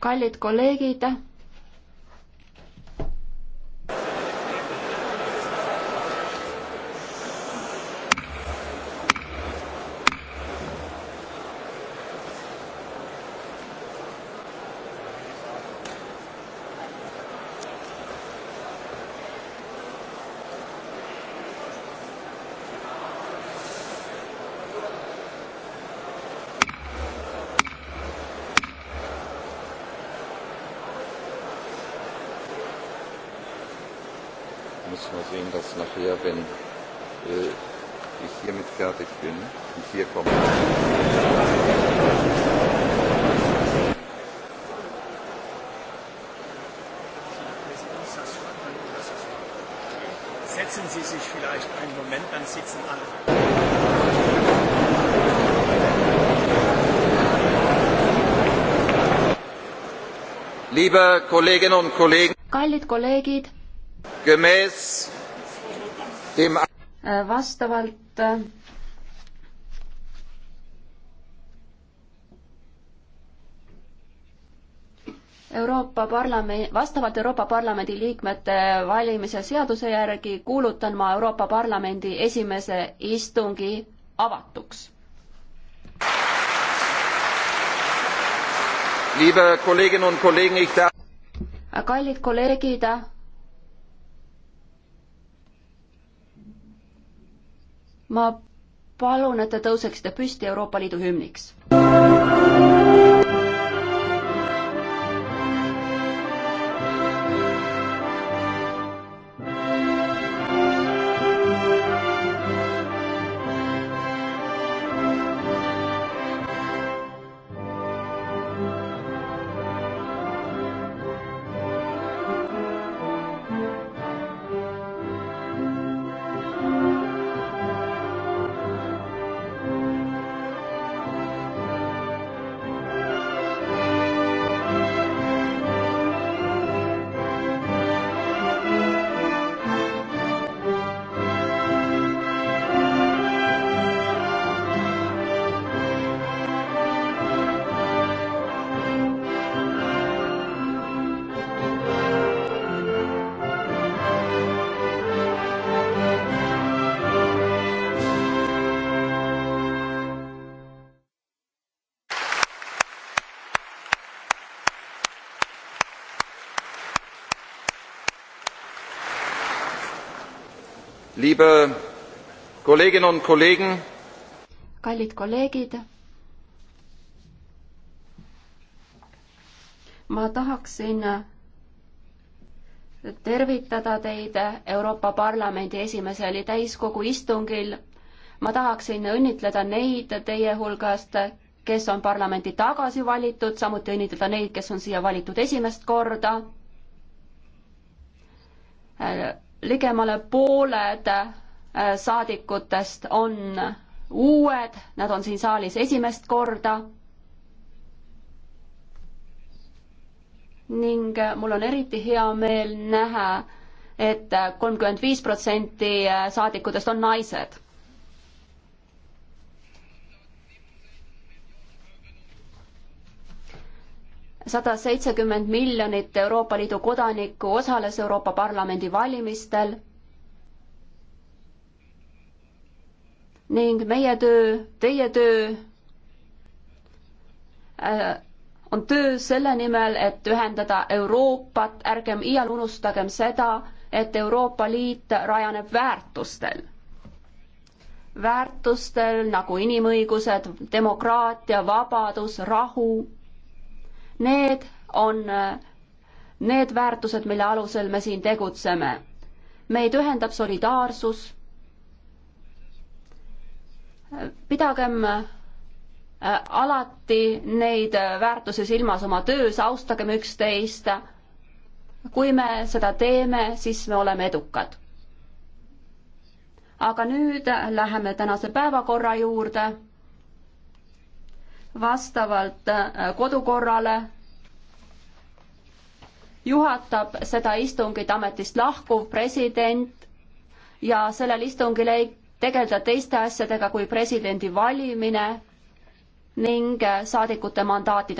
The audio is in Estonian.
kallid kolleegid muss nur sehen, dass nachher, wenn äh, ich hiermit fertig bin und hier komme. Setzen Sie sich vielleicht einen Moment, dann sitzen alle. Liebe Kolleginnen und Kollegen. Kallid kolleegid Äh, vastavalt äh, Euroopa Parlamendi, vastavalt Euroopa Parlamendi liikmete valimise seaduse järgi kuulutan ma Euroopa Parlamendi esimese istungi avatuks. kallid kolleegid, ma palun, et te tõuseksite püsti Euroopa Liidu hümniks. liebe Kolleginnen und Kollegen, kallid kolleegid, ma tahaksin tervitada teid Euroopa Parlamendi esimesel täiskogu istungil. ma tahaksin õnnitleda neid teie hulgast, kes on parlamenti tagasi valitud, samuti õnnitleda neid, kes on siia valitud esimest korda ligemale pooled äh, saadikutest on uued, nad on siin saalis esimest korda. ning äh, mul on eriti hea meel näha et, et äh, kolmkümmend viis protsenti saadikutest on naised sada seitsekümmend miljonit Euroopa Liidu kodanikku osales Euroopa Parlamendi valimistel ning meie töö, teie töö äh, on töö selle nimel, et ühendada Euroopat, ärgem iial unustagem seda, et Euroopa Liit rajaneb väärtustel. väärtustel nagu inimõigused, demokraatia, vabadus, rahu Need on need väärtused, mille alusel me siin tegutseme. meid ühendab solidaarsus. pidagem äh, alati neid väärtusi silmas oma töös, austagem üksteist. kui me seda teeme, siis me oleme edukad. aga nüüd läheme tänase päevakorra juurde vastavalt äh, kodukorrale juhatab seda istungit ametist lahkuv president ja sellel istungil ei tegeleda teiste asjadega kui presidendi valimine ning äh, saadikute mandaatide